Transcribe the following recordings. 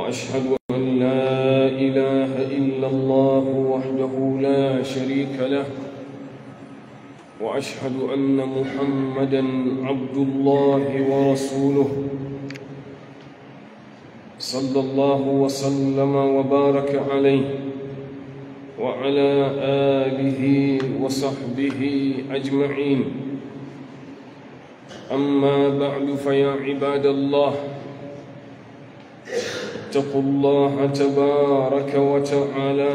وأشهد أن لا إله إلا الله وحده لا شريك له وأشهد أن محمدًا عبد الله ورسوله صلى الله وسلم وبارك عليه وعلى آله وصحبه أجمعين أما بعد فيا عباد الله اتقوا الله تبارك وتعالى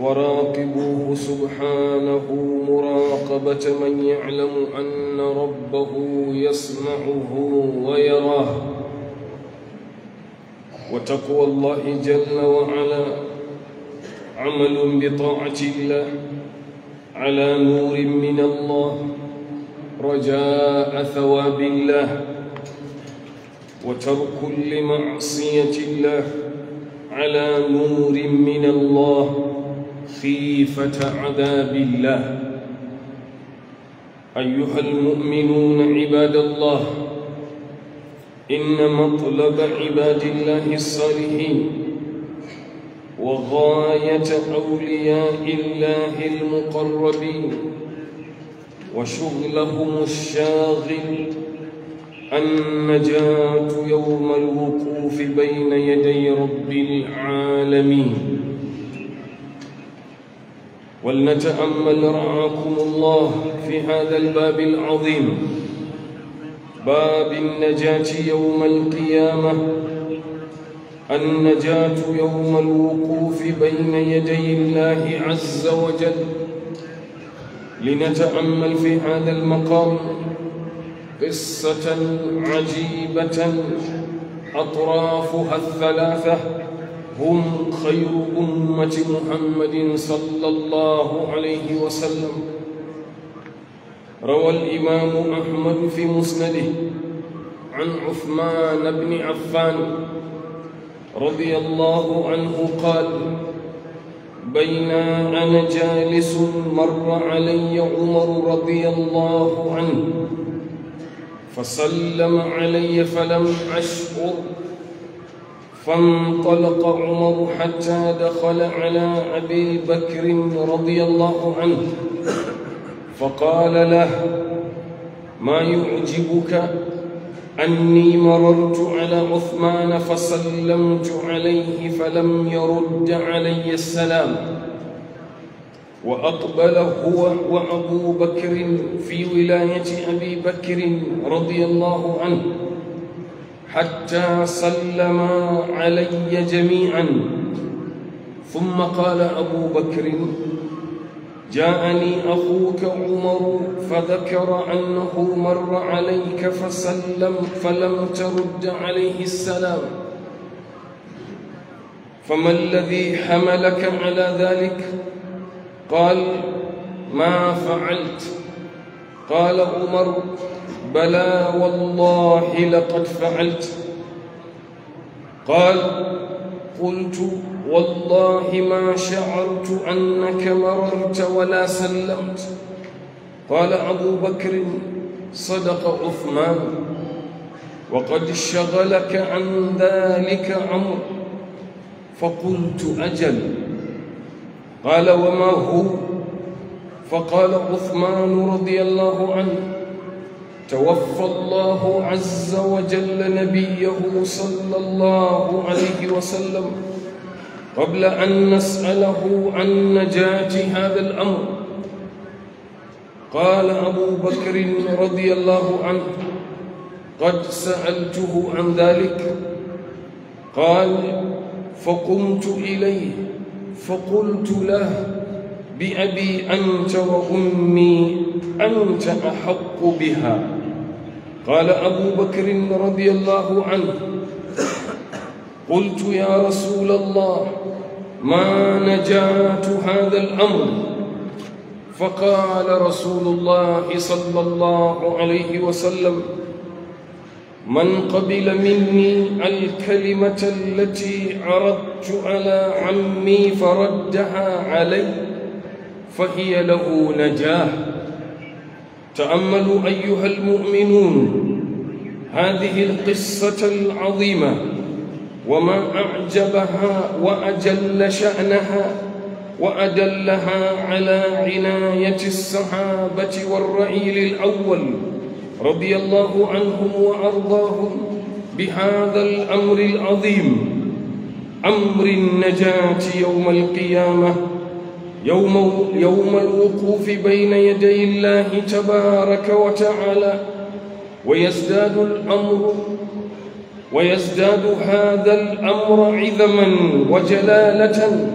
وراقبوه سبحانه مراقبة من يعلم أن ربه يسمعه ويراه وتقوى الله جل وعلا عمل بطاعة الله على نور من الله رجاء ثواب الله وترك لمعصية الله على نور من الله خيفة عذاب الله أيها المؤمنون عباد الله إن مطلب عباد الله الصالحين وغاية أولياء الله المقربين وشغلهم الشاغل النجاة يوم الوقوف بين يدي رب العالمين ولنتأمل رعاكم الله في هذا الباب العظيم باب النجاة يوم القيامة النجاة يوم الوقوف بين يدي الله عز وجل لنتأمل في هذا المقام قصة عجيبة أطرافها الثلاثة هم خير أمة محمد صلى الله عليه وسلم روى الإمام أحمد في مسنده عن عثمان بن عفان رضي الله عنه قال بينا أنا جالس مر علي عمر رضي الله عنه فسلم علي فلم أشعر فانطلق عمر حتى دخل على أبي بكر رضي الله عنه فقال له ما يعجبك أني مررت على عثمان فسلمت عليه فلم يرد علي السلام وأقبل هو وأبو بكر في ولاية أبي بكر رضي الله عنه حتى سلما علي جميعا ثم قال أبو بكر جاءني أخوك عمر فذكر أنه مر عليك فسلم فلم ترد عليه السلام فما الذي حملك على ذلك؟ قال ما فعلت قال عمر بلى والله لقد فعلت قال قلت والله ما شعرت أنك مررت ولا سلمت قال أبو بكر صدق عثمان وقد شغلك عن ذلك عمر فقلت أجل قال وما هو فقال عثمان رضي الله عنه توفى الله عز وجل نبيه صلى الله عليه وسلم قبل أن نسأله عن نجاة هذا الأمر قال أبو بكر رضي الله عنه قد سألته عن ذلك قال فقمت إليه فقلت له بأبي أنت وأمي أنت أحق بها قال أبو بكر رضي الله عنه قلت يا رسول الله ما نجاة هذا الأمر فقال رسول الله صلى الله عليه وسلم من قبل مني الكلمة التي عرضت على عمي فردها علي فهي له نجاه تأملوا أيها المؤمنون هذه القصة العظيمة وما أعجبها وأجل شأنها وأدلها على عناية الصحابة والرئيل الأول رضي الله عنهم وأرضاهم بهذا الأمر العظيم أمر النجاة يوم القيامة يوم, يوم الوقوف بين يدي الله تبارك وتعالى ويزداد الأمر ويزداد هذا الأمر عظما وجلالة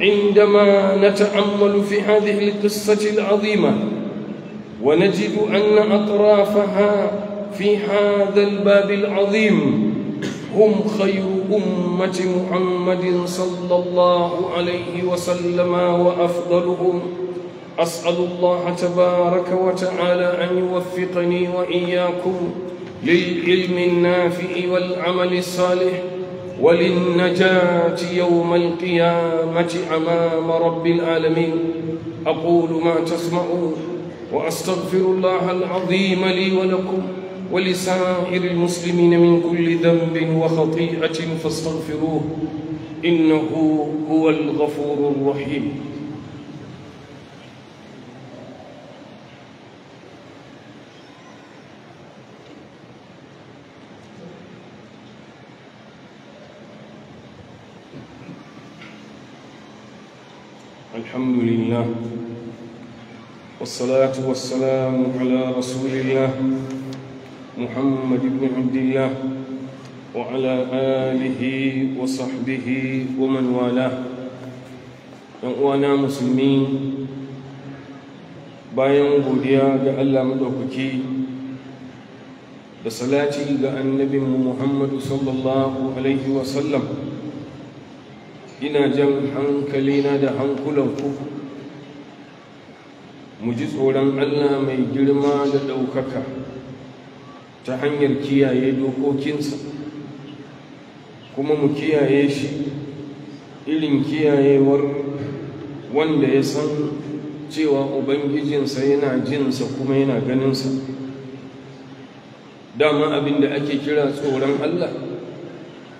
عندما نتأمل في هذه القصة العظيمة ونجد أن أطرافها في هذا الباب العظيم هم خير أمة محمد صلى الله عليه وسلم وأفضلهم أسأل الله تبارك وتعالى أن يوفقني وإياكم للعلم النافع والعمل الصالح وللنجاة يوم القيامة أمام رب العالمين أقول ما تسمعون وأستغفر الله العظيم لي ولكم ولسائر المسلمين من كل ذنب وخطيئة فاستغفروه إنه هو الغفور الرحيم الحمد لله والصلاة والسلام على رسول الله محمد بن عبد الله وعلى آله وصحبه ومن والاه وأنا مسلمين bayan godiya ga Allah madaukaki da salati ga annabinmu Muhammadu sallallahu alaihi wasallam ina jan hankalina da hankulanku mu ji tsoron Allah mai girma da ɗaukaka ta hanyar kiyaye dokokinsa kuma mu kiyaye shi irin kiyayewar wanda ya san cewa ubangijinsa yana jinsa kuma yana ganinsa dama abin da ake kira tsoron Allah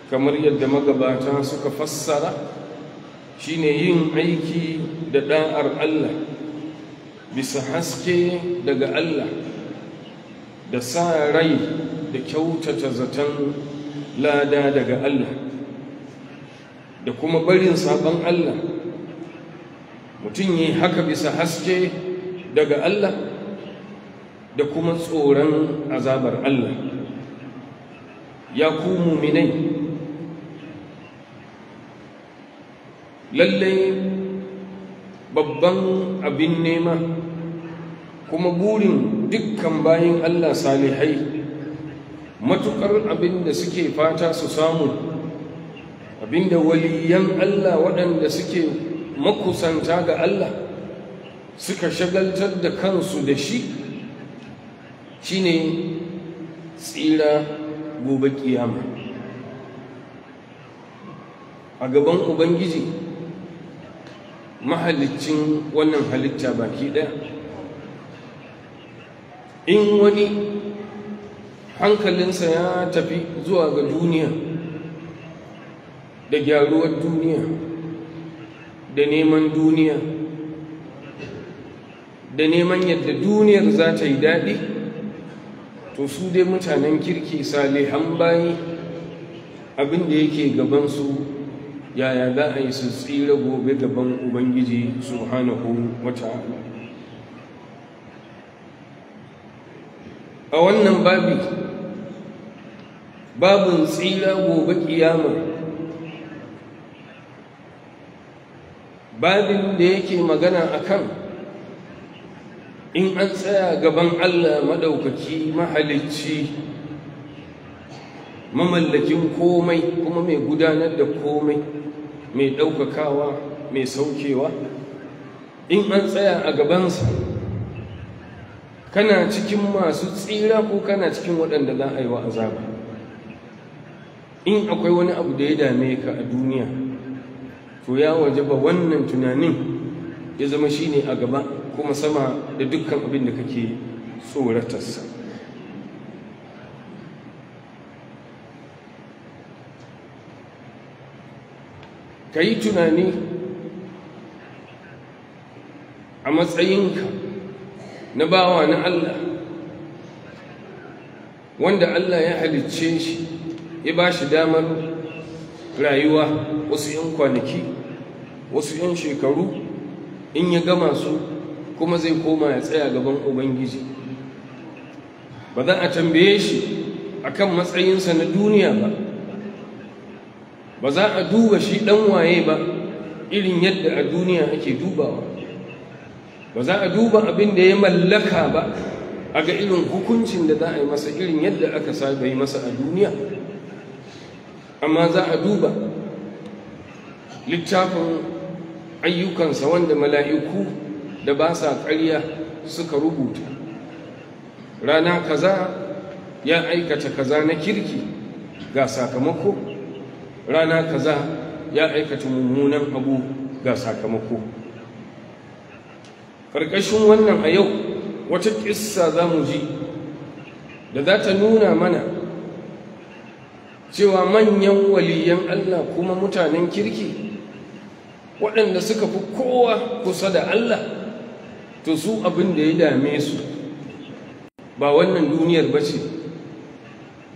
kamar yadda magabata suka fassara shine yin aiki da da'ar Allah bisa haske daga Allah da sa rai da kyautata zaton lada daga Allah da kuma barin sabon Allah mutum yi haka bisa haske daga Allah da kuma tsoron azabar Allah ya ku muminai lallai babban abin nema kuma burin dukkan bayan Allah salihai matukar abin suke fata su samu abinda da waliyan Allah waɗanda suke makusanta ga Allah suka shagaltar da kansu da shi shine tsira gobe kiyama a gaban ubangiji mahaliccin wannan halitta baki ɗaya in wani hankalinsa ya tafi zuwa ga duniya da gyaruwar duniya da neman duniya da neman yadda duniyar za ta yi daɗi to su dai mutanen kirki salihan bayi abinda yake gabansu yaya za a yi su tsira gobe gaban ubangiji su hana wata ta'ala a wannan babi babin tsira gobe kiyama babin da yake magana akan in an tsaya gaban Allah maɗaukaki mahalicci mamallakin komai kuma mai gudanar da komai mai ɗaukakawa mai saukewa in an tsaya a gabansa kana cikin masu tsira ko kana cikin waɗanda za a yi wa azaba in akwai wani abu da ya dame ka a duniya to ya waje ba wannan tunanin ya zama shine a gaba kuma sama da dukkan abin da kake tsoratarsa ka yi tunani a matsayinka na bawa na Allah wanda Allah ya halicce shi ya ba shi damar rayuwa wasu 'yan kwanaki wasu 'yan shekaru in ya gama su kuma zai koma ya tsaya gaban ubangiji ba za a tambaye shi akan matsayinsa na duniya ba ba za a duba shi ɗan waye ba irin yadda a duniya ake dubawa ba za a duba abin da ya mallaka ba a ga irin hukuncin da za a yi masa irin yadda aka saba yi masa a duniya amma za a duba littafin ayyukansa wanda mala'iku da ba sa ƙarya suka rubuta rana kaza ya aikata kaza na kirki ga sakamako rana kaza ya aikata mummunan abu ga sakamako ƙarƙashin wannan a yau wata ƙissa za mu ji da za ta nuna mana cewa manyan waliyan Allah kuma mutanen kirki waɗanda suka fi kowa kusa da Allah to su abin da ya dame su ba wannan duniyar ba ce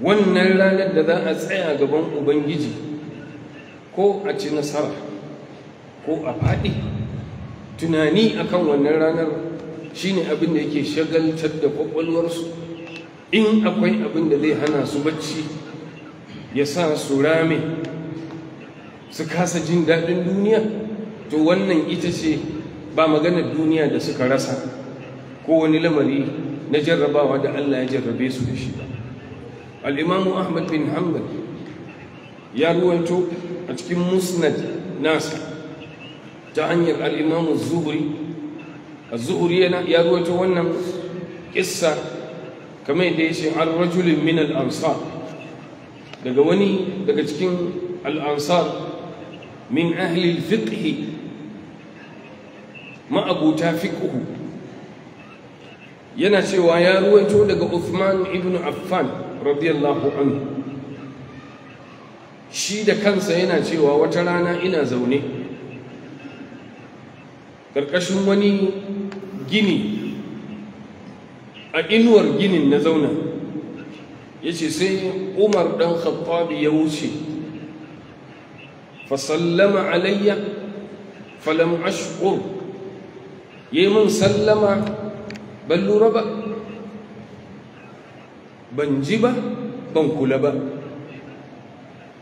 wannan ranar da za a tsaya gaban ubangiji ko a ci nasara ko a faɗi tunani akan wannan ranar shine abin da yake shagaltar da kwakwalwarsu in akwai abin da zai hana su bacci ya sa su rame su kasa jin daɗin duniya to wannan ita ce ba maganar duniya da suka rasa ko wani lamari na jarrabawa da Allah ya jarrabe su da shi al'imamu ahmad bin hanbal ya ruwanto a cikin musnad nasa ta hanyar al'imamu zuhuri a zuhuri ya ruwaito wannan ƙissa kamar yadda ya ce min al'ansar daga wani daga cikin al'ansar min ahli fiqhi ma'abuta fiqhu yana cewa ya ruwaito daga Uthman ibn Affan radiyallahu anhu shi da kansa yana cewa wata rana ina zaune ƙarƙashin wani gini a inuwar ginin na zauna ya ce sai umar ɗan khattabi ya wuce fasallama alayya falam ashkur ya yi min sallama ban lura ba ban ji ba ban kula ba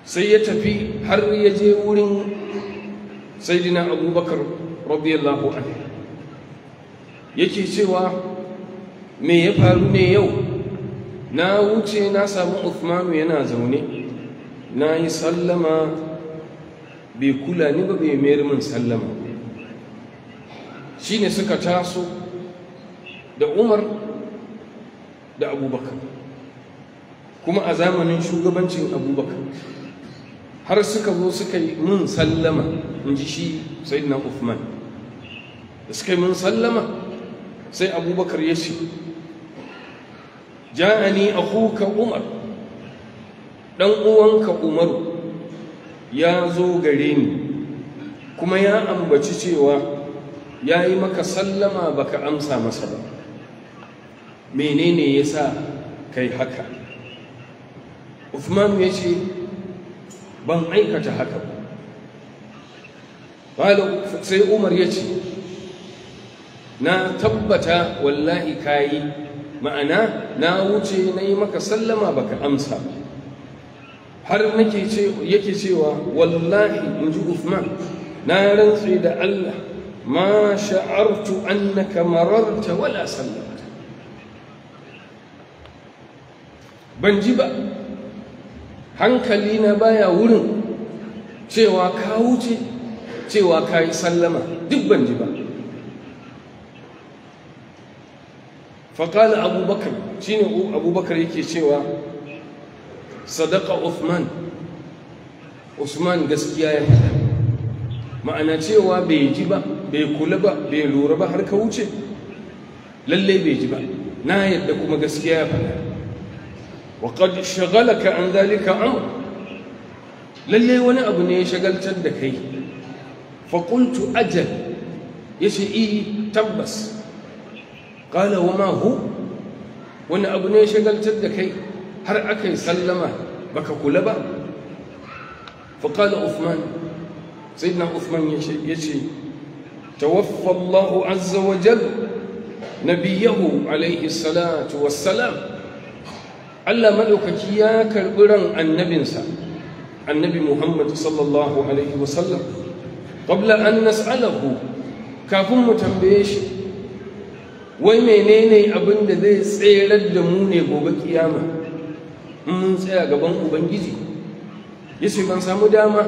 sai ya tafi har ya je wurin saidina abubakar radiyallahu anhu yake cewa me ya faru ne yau na wuce na samu Uthmanu yana zaune na yi sallama bai kula ni ba bai mayar min sallama shine suka taso da Umar da Abubakar kuma a zamanin shugabancin Abubakar har suka zo suka yi min sallama in ji shi Sayyidina Uthman da suka yi mun sallama sai abubakar ya ce ja'ani akuka umar ɗan uwanka umaru ya zo gare ni kuma ya ambaci cewa ya yi maka sallama baka amsa masa ba menene ya sa kai haka Uthman ya ce ban aikata haka ba sai umar ya ce na tabbata wallahi kayi ma'ana na wuce na yi maka sallama baka amsa har nake ce yake cewa wallahi in ji Uthman na rantse da Allah ma sha'artu annaka mararta wala sallamta ban ji ba hankali na baya wurin cewa ka wuce cewa ka yi sallama duk ban ji ba faƙala abubakar shi abubakar yake cewa sadaka Uthman Usman gaskiya ya faɗa ma'ana cewa bai ji ba bai kula ba bai lura ba har ka wuce lallai bai ji ba na yadda kuma gaskiya ya faɗa wa qad shagalaka an zalika lallai wani abu ne ya shagaltar da kai fa ajal yace i tabbas ƙala wa ma hu wani abu ne shagaltar da kai har aka yi sallama baka kula ba faƙala uthman sai na uthman ya ce tawaffa allahu azza wa jal nabiyahu alaihi salatu wassalam allah maɗaukaki ya karɓi ran annabinsa annabi muhammad sallallahu alaihi wasallam qabla an nas'alahu kafin mu tambaye shi wai menene abin da zai tserar da mu ne gobe kiyama mun tsaya gaban ubangiji yace ban samu dama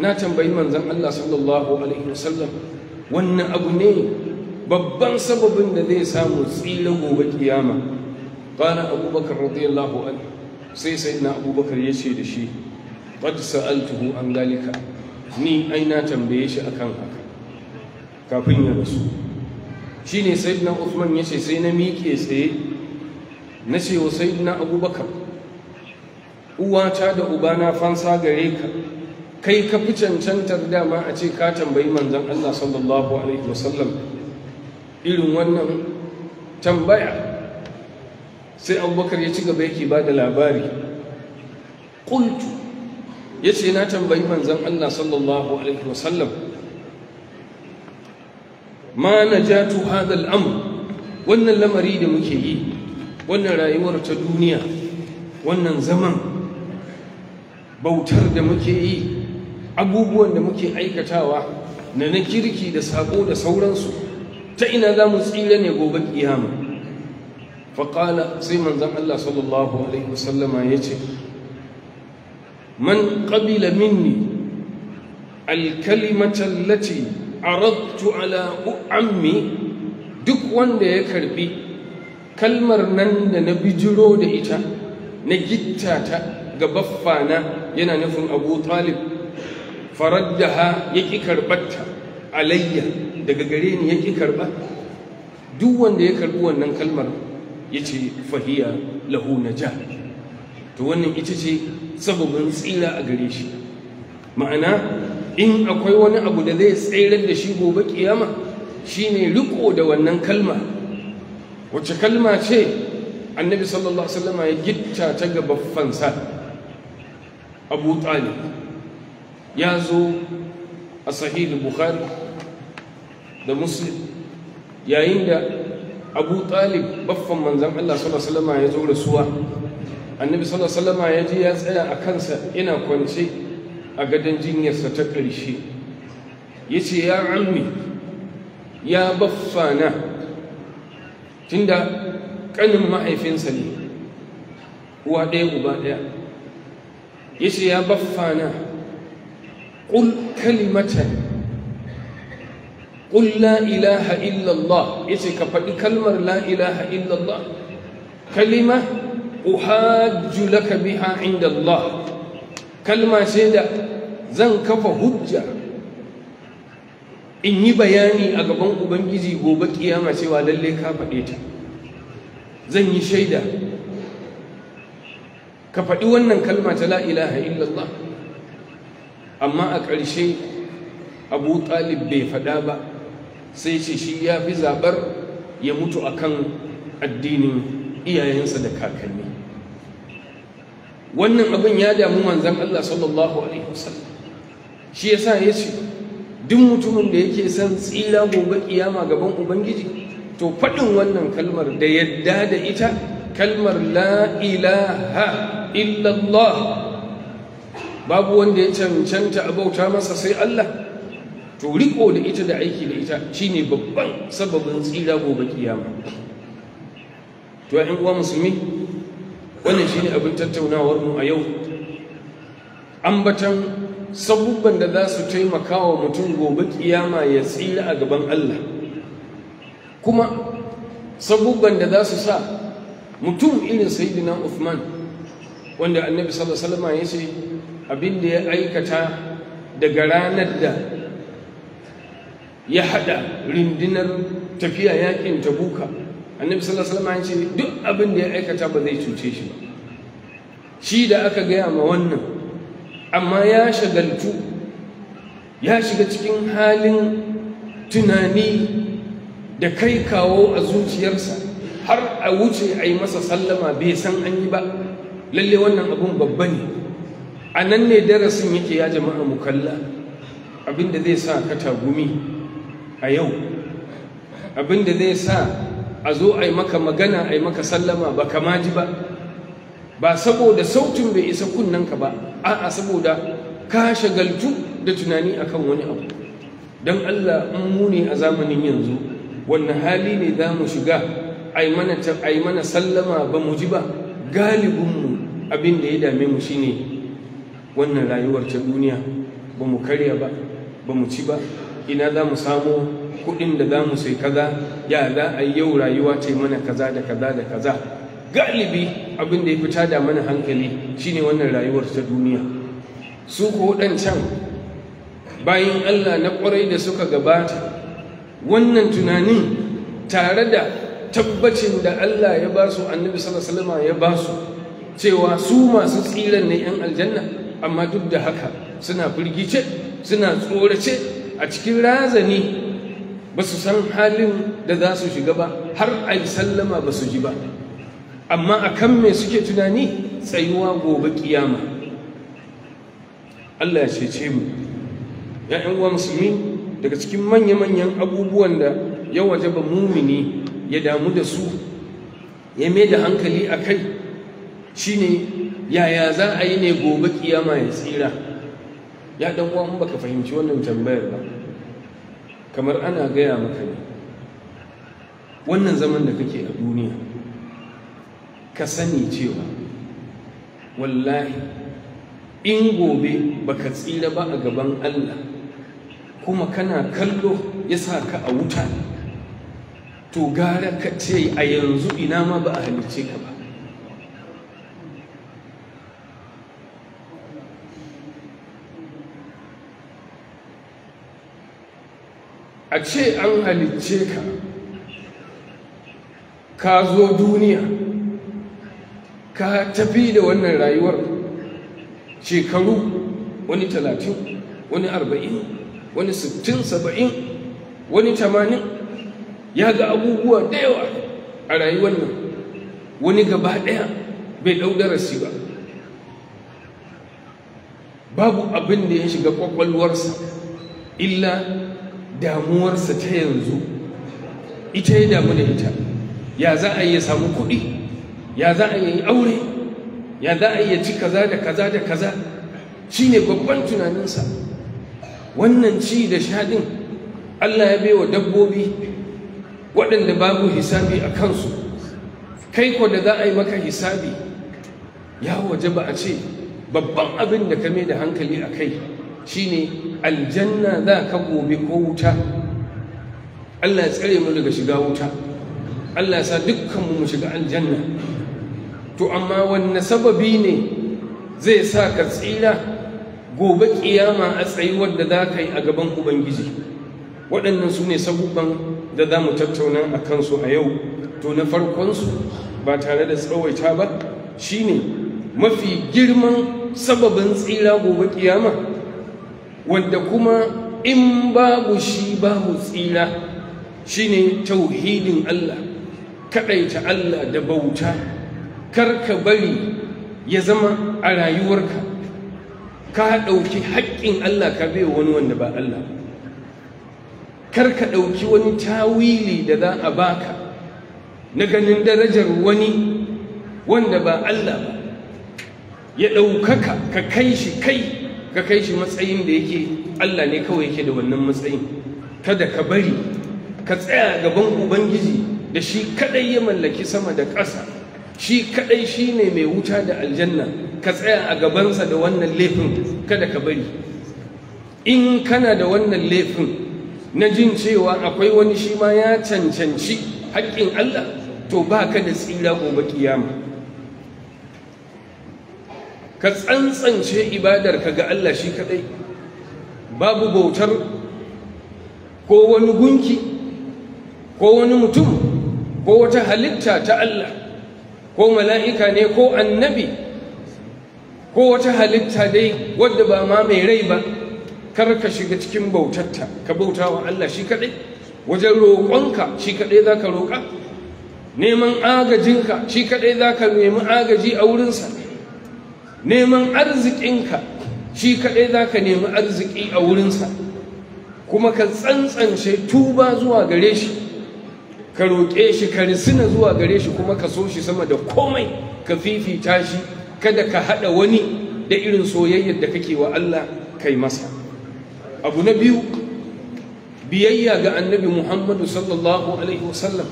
na tambayi manzon Allah sallallahu alaihi wasallam wannan abu ne babban sababin da zai samu tsira gobe kiyama qala abubakar radiyallahu anhu sai sayyidina abubakar yace da shi qad sa'altuhu an galika. ni aina tambaye shi akan haka kafin ya rasu Shi ne na Usman ya ce sai na miƙe tsaye na ce wa na Abubakar uwata da ubana fansa gare ka kai ka fi cancantar dama a ce ka tambayi manzan Allah sallallahu alaihi wasallam irin wannan tambaya sai abubakar ya ci gaba yake ba da labari ƙuntu ya ce na tambayi manzan allah sallallahu alaihi wasallam ma najatu hadha al-amr wannan lamari da muke yi wannan rayuwar ta duniya wannan zaman bautar da muke yi abubuwan da muke aikatawa na na kirki da sako da sauransu ta ina za mu tsira ne gobe kiyama faƙala sai manzan Allah sallallahu alaihi wasallama ya ce man ƙabila minni alkalimatan aradtu ala ammi duk wanda ya karbi kalmar nan da na bijiro da ita na gittata ga baffana yana nufin abu talib faraddaha ya ƙi karɓarta alayya daga gare ni ya ƙi karɓa duk wanda ya karɓi wannan kalmar ya ce fahiya lahu naja to wannan ita ce sababin tsira a gare shi ma'ana in akwai wani abu da zai tsayar da shi gobe kiyama shine riko da wannan kalma wacce kalma ce annabi sallallahu alaihi wasallam ya gitta ta ga baffansa abu talib ya zo a sahih bukhari da muslim yayin da abu talib baffan manzan allah sallallahu alaihi ya zo rasuwa annabi sallallahu alaihi wasallam ya je ya tsaya a kansa ina kwance a gadon jinyarsa ta ƙarshe ya ce ya ammi ya baffana tunda ƙanin mahaifinsa ne uwa ɗaya uba ɗaya ya ce ya baffana ƙul kalimatan ƙul la illallah ya ce ka faɗi kalmar la illallah kalima uhajju laka biha inda Allah kalma ce da zan kafa hujja in yi bayani a gaban ubangiji gobe kiyama cewa lalle ka faɗe ta zan yi shaida ka faɗi wannan kalma ta la ilaha illallah amma a ƙarshe abu talib bai faɗa ba sai ce shi ya fi zaɓar ya mutu akan addinin iyayensa da kakanni wannan abin ya damu manzan Allah sallallahu alaihi wasallam shi yasa ya ce duk mutumin da yake son tsira gobe kiyama gaban ubangiji to faɗin wannan kalmar da yadda da ita kalmar la ilaha illallah babu wanda ya cancanta a bauta masa sai Allah to riko da ita da aiki da ita shine babban sababin tsira gobe kiyama to ya uwa musulmi wannan shine abin tattaunawar mu a yau ambatan sabubban da za su taimaka wa mutum gobe kiyama ya tsira a gaban Allah kuma sabubban da za su sa mutum irin sayyidina Uthman wanda annabi sallallahu alaihi wasallam ya ce abin da ya aikata daga ranar da ya hada rindinar tafiya yakin tabuka annabi sallallahu alaihi wasallam ya ce duk abin da ya aikata ba zai cuce shi ba shi da aka gaya ma wannan amma ya shagaltu ya shiga cikin halin tunani da kai kawo a zuciyarsa har a wuce a yi masa sallama bai san an yi ba lalle wannan abun babba ne a nan ne darasin yake ya jama'a mu kalla abinda zai sa ka tagumi a yau abinda zai sa a zo a yi maka magana a yi maka sallama ba kama ji ba ba saboda sautin bai isa kunnanka ba a'a saboda ka shagaltu da tunani akan wani abu don Allah in mu a zamanin yanzu wannan hali ne za mu shiga ai mana sallama ba mu ji ba galibinmu abin da ya dame mu shine wannan rayuwar ta duniya ba mu karya ba ba mu ci ba ina za mu samo kuɗin da za mu sai kaza ya za a yau rayuwa ce mana kaza da kaza da kaza galibi abin da ya fita da mana hankali shine wannan rayuwar ta duniya su ko can bayan Allah na kwarai da suka gabata wannan tunanin tare da tabbacin da Allah ya ba su annabi sallallahu alaihi ya ba su cewa su masu tsiran ne yan aljanna amma duk da haka suna firgice suna tsorace a cikin razani ba su san halin da za su shiga ba har a yi sallama ba su ji ba amma a kan me suke tunani tsayuwa gobe kiyama Allah ya cece mu ‘ya'yan uwa musulmi daga cikin manya-manyan abubuwan da ya waje ba mumini ya damu da su ya mai da hankali a kai shi ne yaya za a yi ne gobe kiyama ya tsira ya ɗan uwa baka fahimci wannan tambayar ba kamar ana gaya maka ne wannan zaman da kake a duniya ka sani cewa wallahi in gobe baka tsira ba a gaban Allah kuma kana kallo ya sa ka a wuta to gara ka ce a yanzu ina ma ba a halice ka ba a ce an halicce ka ka zo duniya ka tafi da wannan rayuwar shekaru wani talatin wani arba'in wani sittin saba'in wani tamanin ya ga abubuwa da yawa a rayuwar nan wani gaba ɗaya bai ɗau darasi ba babu abin da ya shiga ƙwaƙwalwarsa illa damuwarsa ta yanzu ita ya damu da ita ya za a yi samu kuɗi ya za a yi aure ya za a yi ci kaza da kaza da kaza shi ne babban tunaninsa wannan ci da shaɗin allah ya bai wa dabbobi waɗanda babu hisabi a kansu kai ko da za a yi maka hisabi ya waje ba a ce babban abin da ka mai da hankali a kai shi ne. aljanna za ka gobe ko wuta Allah ya tsare mu daga shiga wuta Allah ya sa dukkanmu mu shiga aljanna to amma wanne sababi ne zai sa ka tsira gobe kiyama a tsayi wadda za ka yi a gaban ubangiji waɗannan su ne sabubban da za mu tattauna a kansu a yau to na farkonsu ba tare da tsawaita ba shine mafi girman sababin tsira gobe kiyama wanda kuma in babu shi babu tsira shine tauhidin Allah kaɗaita Allah da bauta kar ka bari ya zama a rayuwarka ka ɗauki haƙƙin Allah ka bai wani wanda ba Allah kar ka ɗauki wani tawili da za a baka na ganin darajar wani wanda ba Allah ba ya ɗaukaka ka kai shi kai ka kai shi matsayin da yake Allah ne kawai yake da wannan matsayin kada ka bari ka tsaya gaban ubangiji da shi kadai ya mallaki sama da ƙasa shi kadai shi ne mai wuta da aljanna ka tsaya a gabansa da wannan laifin kada ka bari in kana da wannan laifin na jin cewa akwai wani shi ma ya cancanci haƙƙin Allah to ba ka da tsira gobe kiyama ka tsantsance ibadar ka ga Allah shi kadai babu bautar ko wani gunki ko wani mutum ko wata halitta ta Allah ko mala'ika ne ko annabi ko wata halitta dai wadda ba ma mai rai ba kar ka shiga cikin bautarta ka bauta wa Allah shi kadai wajen roƙonka shi kadai za ka roƙa neman agajinka shi kadai za ka nemi agaji a wurinsa neman arzikinka shi kaɗai za ka nemi arziki a wurinsa kuma ka tsantsance tuba zuwa gare shi ka roƙe shi ka risina zuwa gare shi kuma ka so shi sama da komai ka fifita shi kada ka haɗa wani da irin soyayyar da kake wa Allah kai masa abu na biyu biyayya ga annabi muhammadu sallallahu alaihi wasallam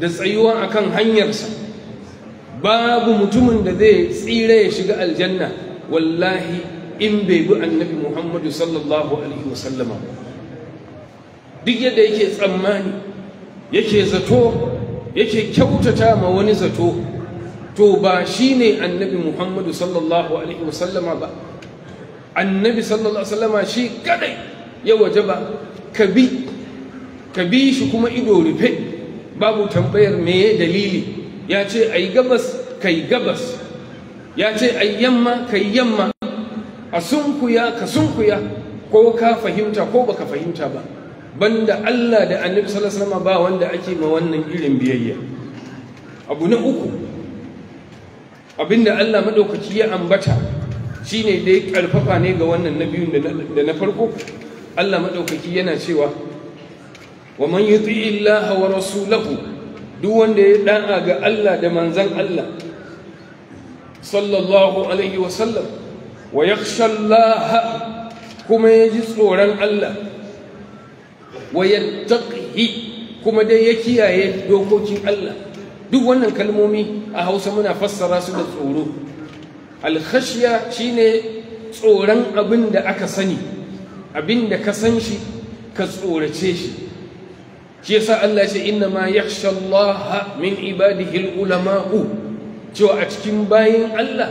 da tsayuwa akan hanyarsa babu mutumin da zai tsira ya shiga aljanna wallahi in bai bi annabi muhammadu sallallahu alaihi wasallama duk yadda yake tsammani yake zato yake kyautata ma wani zato to ba shi ne annabi muhammadu sallallahu alaihi wasallama ba annabi sallallahu alaihi wasallama shi kadai ya waje ba ka bi ka bi shi kuma ido rufe babu tambayar meye dalili ya ce a yi gabas ka yi gabas ya ce a yi yamma ka yi yamma a sunkuya ka sunkuya ko ka fahimta ko baka fahimta ba banda Allah da annabi sallallahu alaihi wasallam ba wanda ake ma wannan irin biyayya abu na uku abinda Allah madaukaki ya ambata shine dai karfafa ne ga wannan nabiyun da na farko Allah madaukaki yana cewa wa man yuti illaha wa rasulahu duk wanda ya ɗan'a ga Allah da manzan Allah sallallahu alaihi wasallam wa yakhsha kuma ya ji tsoron Allah wa yattaqihi kuma dai ya kiyaye dokokin Allah duk wannan kalmomi a Hausa muna fassara su da tsoro alkhashiya shi shine tsoron abin da aka sani abin da ka san shi ka tsorace shi shi yasa Allah ce inna ma yakhsha Allah min ibadihi ulama'u cewa a cikin bayin Allah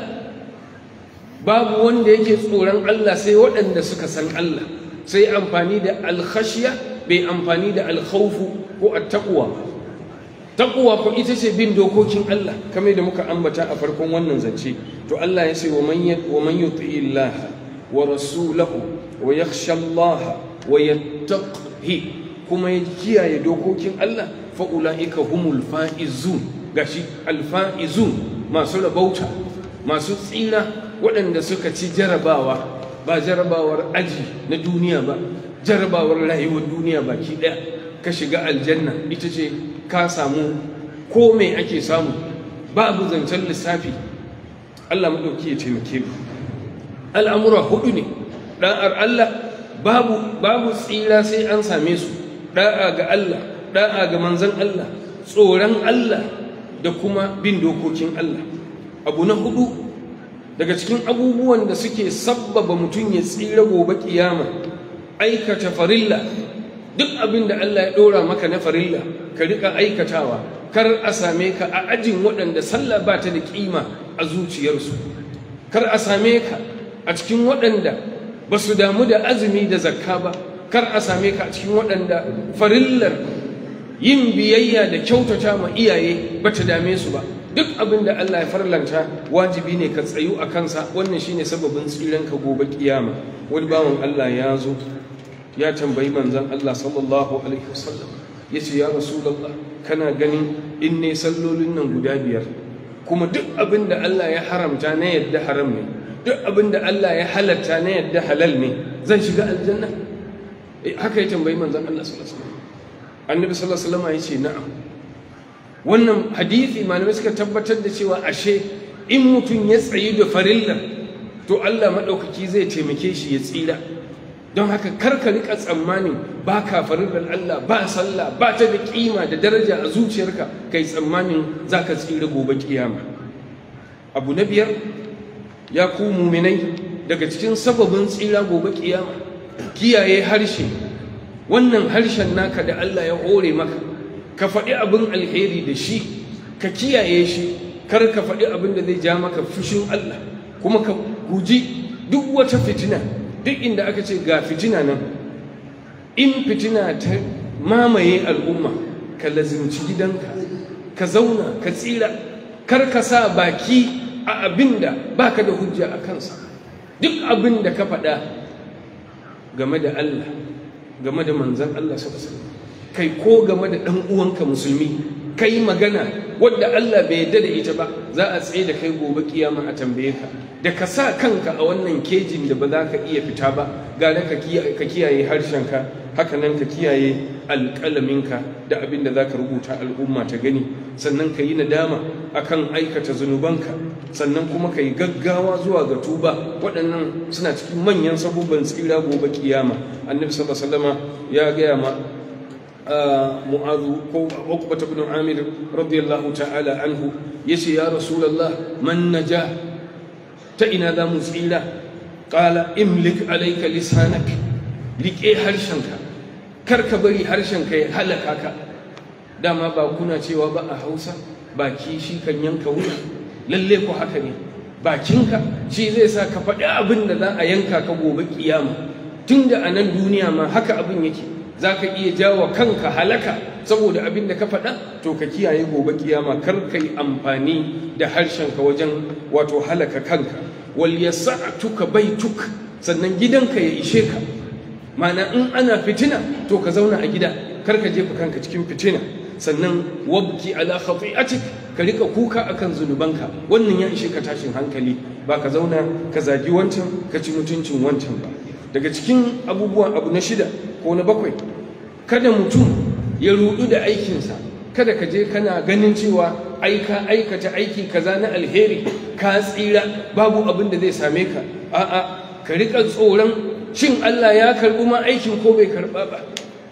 babu wanda yake tsoron Allah sai waɗanda suka san Allah sai amfani da alkhashiya bai amfani da alkhawfu ko attaqwa taqwa ko ita ce bin dokokin Allah kamar da muka ambata a farkon wannan zance to Allah ya ce wa man wa man yuti Allah wa rasulahu wa yakhsha Allah wa yattaqi kuma ya kiyaye dokokin Allah fa ulaika humul faizun gashi alfaizun masu rabauta masu tsira waɗanda suka ci jarabawa ba jarabawar aji na duniya ba jarabawar rayuwar duniya baki ɗaya ka shiga aljanna ita ce ka samu ko me ake samu babu zancen lissafi Allah maɗauki ya taimake mu al'amura hudu ne ɗan'ar Allah babu tsira sai an same su da'a ga Allah da'a ga manzan Allah tsoron Allah da kuma bin dokokin Allah abu na hudu daga cikin abubuwan da suke sabbaba mutum ya tsira gobe kiyama aikata farilla duk abin da Allah ya ɗora maka na farilla ka rika aikatawa kar a same ka a ajin waɗanda sallah ba ta da kima a zuciyarsu kar a same ka a cikin waɗanda ba su damu da azumi da zakka ba kar a same ka a cikin waɗanda farillar yin biyayya da kyautata ma iyaye ba ta dame su ba duk abin da Allah ya farlanta wajibi ne ka tsayu a kansa wannan shine sababin ka gobe kiyama wani bawan Allah ya zo ya tambayi manzon Allah sallallahu alaihi wasallam ya ce ya rasulullah kana ganin in ne sallolin nan guda biyar kuma duk abin da Allah ya haramta na yadda haram ne duk abin da Allah ya halatta na yadda halal ne zan shiga aljanna Eh, haka ya tambayi manzan Allah sallallahu alaihi wasallam annabi sallallahu alaihi wasallam ya ce na'am wannan hadisi malamai suka tabbatar da cewa ashe in mutum ya tsayi da farilla to Allah maɗaukaki zai taimake shi ya tsira don haka karka rika tsammanin ba ka farillar Allah ba sallah ba ta da kima da daraja a zuciyarka kai tsammanin za ka tsira gobe kiyama abu na biyar ya ku muminai daga cikin sababin tsira gobe kiyama kiyaye harshe wannan harshen naka da Allah ya hore maka ka faɗi abin alheri da shi ka kiyaye shi kar ka faɗi abin da zai ja maka fushin Allah kuma ka guji duk wata fitina duk inda aka ce ga fitina nan in fitina ta mamaye al'umma ka lazimci gidanka ka zauna ka tsira kar ka sa baki a abin da baka da hujja a kansa duk abin da ka faɗa game da Allah game da manzan Allah kai ko game da ɗan uwanka musulmi kai magana wadda Allah bai yarda da ita ba za a tsaye da kai gobe kiyama a tambaye ka da ka sa kanka a wannan kejin da ba za ka iya fita ba gara ka kiyaye harshenka haka nan ka kiyaye alƙalaminka da abin da za ka rubuta al'umma ta gani sannan ka yi nadama akan aikata zunubanka sannan kuma ka yi gaggawa zuwa ga tuba waɗannan suna cikin manyan sabubban tsira gobe kiyama annabi sallallahu alaihi wasallam ya gaya ma mu'adhu ko uqbata ibn amir radiyallahu ta'ala anhu yace ya rasulullah man naja ta ina za mu tsira qala imlik alayka lisanak rike harshenka kar ka bari harshenka ya halaka ka dama ba kuna cewa ba a Hausa baki shi kan yanka wuya lalle ku haka ne bakinka shi zai sa ka faɗi abin da za a yanka ka gobe kiyama tun da a nan duniya ma haka abin yake za ka iya jawo kanka halaka saboda abin da ka faɗa to ka kiyaye gobe kiyama kar ka yi amfani da harshen ka wajen wato halaka kanka wal bai tuk. sannan gidanka ya ishe ka mana in ana fitina to ka zauna a gida kar ka jefa kanka cikin fitina sannan wabki ala khati'atik ka rika kuka akan zunubanka wannan ya ishe ka tashin hankali ba ka zauna ka zagi wancan ka ci mutuncin wancan ba daga cikin abubuwan abu na shida ko na bakwai kada mutum ya rudu da aikinsa kada ka je kana ganin cewa aika aikata aiki kaza na alheri ka tsira babu abin da zai same ka a'a ka rika tsoron shin Allah ya karbi ma aikin ko bai karɓa ba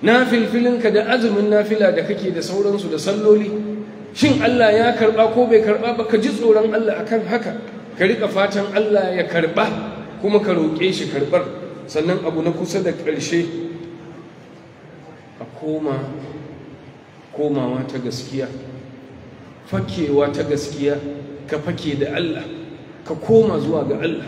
Na nafilfilinka da azumin nafila da kake da sauransu da salloli shin Allah ya karba ko bai karba ba ka ji tsoron Allah akan haka ka riƙa fatan Allah ya karba kuma ka roƙe shi karbar sannan abu na kusa da ƙarshe a koma komawa ta gaskiya fakewa ta gaskiya ka fake da Allah ka koma zuwa ga Allah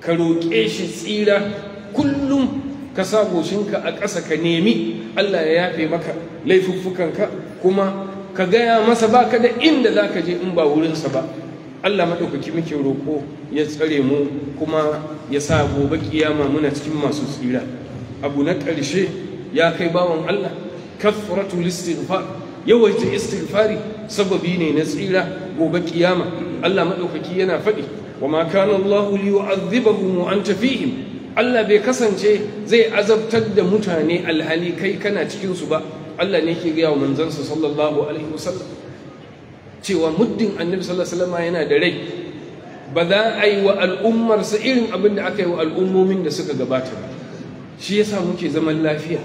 ka roƙe shi tsira kullum ka sa goshinka a ƙasa ka nemi Allah ya yafe maka laifuffukanka kuma ka gaya masa ba ka da inda za ka je in ba wurinsa ba Allah maɗaukaki muke roƙo ya tsare mu kuma ya sa gobe kiyama muna cikin masu tsira abu na ƙarshe ya kai bawan Allah kafratul istighfar yawaita istighfari sababi ne na tsira gobe ƙiyama. Allah maɗaukaki yana faɗi wa ma kana Allah liyu'adhibahum wa an tafi? Allah bai kasance zai azabtar da mutane alhali kai kana cikinsu ba Allah ne ke gaya wa manzansa sallallahu alaihi wasallam cewa muddin annabi sallallahu alaihi wasallam yana da rai ba za a yi wa al'ummarsa irin abin da aka yi wa al'ummomin da suka gabata ba shi yasa muke zaman lafiya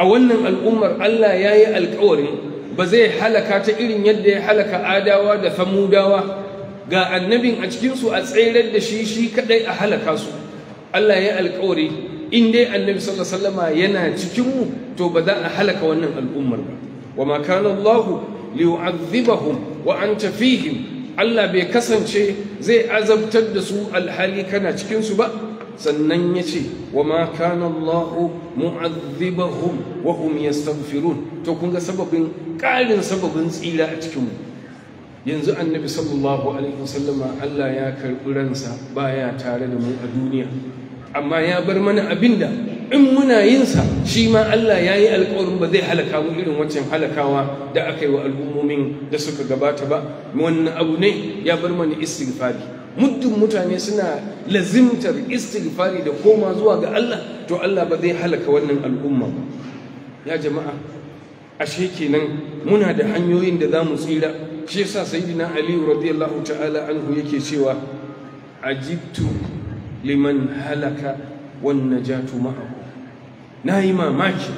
a wannan al'ummar Allah ya yi alkawarin ba zai halaka ta irin yadda ya halaka adawa da famudawa ga annabin a cikinsu a tsayar da shi shi kadai a halaka su Allah ya alkawari in dai annabi sallallahu alaihi yana cikin mu to ba za a halaka wannan al'ummar ba wa ma kana Allah wa anta fihim Allah bai kasance zai azabtar da su alhali kana cikin su ba sannan ya ce wa ma kana Allah mu'adhibahum wa hum yastaghfirun to kun ga sababin ƙarin sababin tsira a cikin mu yanzu annabi sallallahu alaihi wasallama Allah ya karɓi ransa baya tare da mu a duniya amma ya bar mana abinda in muna yinsa shi ma Allah ya yi alƙawarin ba zai halaka mu irin wancan halakawa da aka yi wa al'ummomin da suka gabata ba wannan abu ne ya bar mana istighfari muddin mutane suna lazimtar istighfari da koma zuwa ga Allah to Allah ba zai halaka wannan al'umma ya jama'a ashe kenan muna da hanyoyin da za mu tsira shi yasa sayyidina Ali radiyallahu ta'ala anhu yake cewa ajibtu liman halaka wan najatu ma'ahu na yi mamaki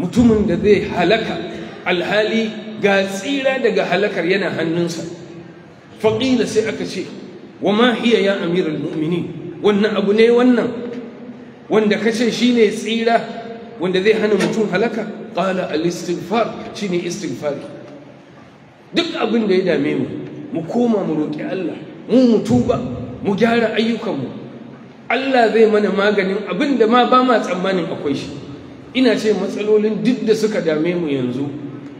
mutumin da zai halaka alhali ga tsira daga halakar yana hannunsa faƙila sai aka ce wa ma hiya ya wannan abu ne wannan wanda kace shine tsira wanda zai hana mutum halaka qala al-istighfar shine istighfari duk abin da ya dame mu mu koma mu roki Allah mu mutuba mu gyara ayyukanmu Allah zai mana maganin abin da ma ba ma tsammanin akwai shi ina ce matsalolin duk da suka dame mu yanzu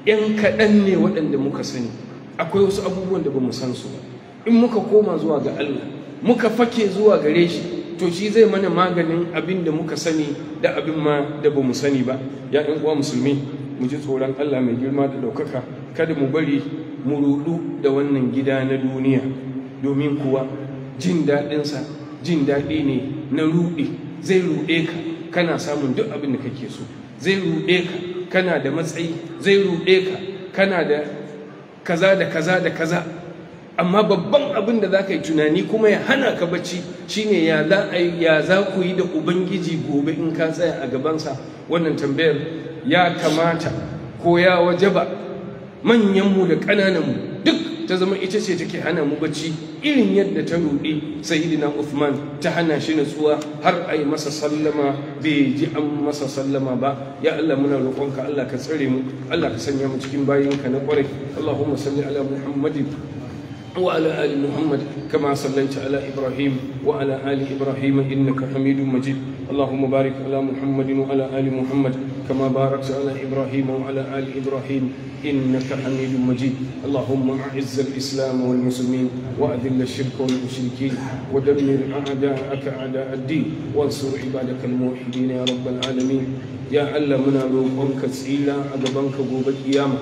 ‘yan kaɗan ne waɗanda muka sani akwai wasu abubuwan da ba mu san su in muka koma zuwa ga Allah muka fake zuwa gare shi to shi zai mana maganin abin da muka sani da abin ma da ba mu sani ba ya ɗan uwa musulmi mu ji tsoron Allah mai girma da ɗaukaka kada mu bari mu ruɗu da wannan gida na duniya domin kuwa jin daɗinsa jin daɗi ne na ruɗe zai ruɗe ka kana samun duk abin da kake so zai ruɗe ka kana da matsayi zai ruɗe ka kana da kaza da kaza da kaza amma babban abin da za ka yi tunani kuma ya hana ka bacci shine ya za ya za ku yi da ubangiji gobe in ka tsaya a gabansa wannan tambayar ya kamata ko ya wajaba manyanmu da ƙanananmu ta zama ita ce take hana mu bacci irin yadda ta rudi sayyidina Uthman ta hana shi nutsuwa har a yi masa sallama bai ji an masa sallama ba ya Allah muna roƙonka Allah ka tsare mu Allah ka sanya mu cikin bayinka na ƙwarai Allahumma salli ala Muhammadin ali وعلى kama محمد كما صليت على إبراهيم ali ibrahim إبراهيم إنك حميد مجيد اللهم بارك على محمد وعلى ali محمد كما باركت على إبراهيم وعلى آل إبراهيم إنك حميد مجيد اللهم أعز الإسلام والمسلمين وأذل الشرك والمشركين ودمر أعداءك أعداء الدين وانصر عبادك الموحدين يا رب العالمين يا الله منا roƙonka tsila a gabanka gobe kiyama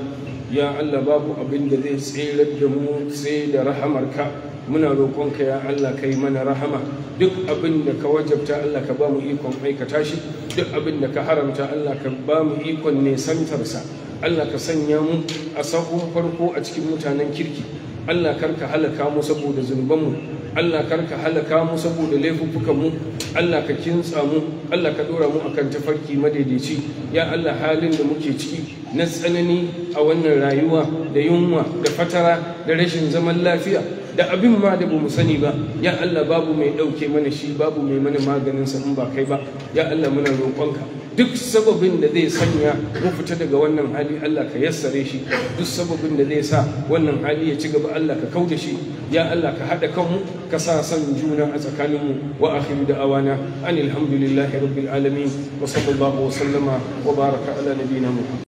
ya Allah babu abin da zai tsirar da mu sai da rahamarka muna roƙonka ya Allah kai mana rahama duk abin da ka wajabta Allah ka ba mu ikon aikata shi duk abin da ka haramta Allah ka ba mu ikon nesantarsa Allah ka sanya mu a sahun farko a cikin mutanen kirki Allah karka halaka mu saboda zunubanmu Allah karka halaka mu saboda laifuffukanmu Allah ka kintsa mu Allah ka dora mu akan tafarki madaidaici ya Allah halin da muke ciki na tsanani a wannan rayuwa da yunwa da fatara da rashin zaman lafiya da abin ma da mu sani ba ya Allah babu mai ɗauke mana shi babu mai mana maganin sa in ba kai ba ya Allah muna roƙonka duk sababin da zai sanya mu fita daga wannan hali Allah ka yassare shi duk sababin da zai sa wannan hali ya ci gaba Allah ka kauda shi ya Allah ka haɗa kanmu ka sa san juna a tsakaninmu wa akhiru da'awana anil hamdulillahi rabbil alamin wa sallallahu wa sallama wa baraka ala nabiyyina muhammad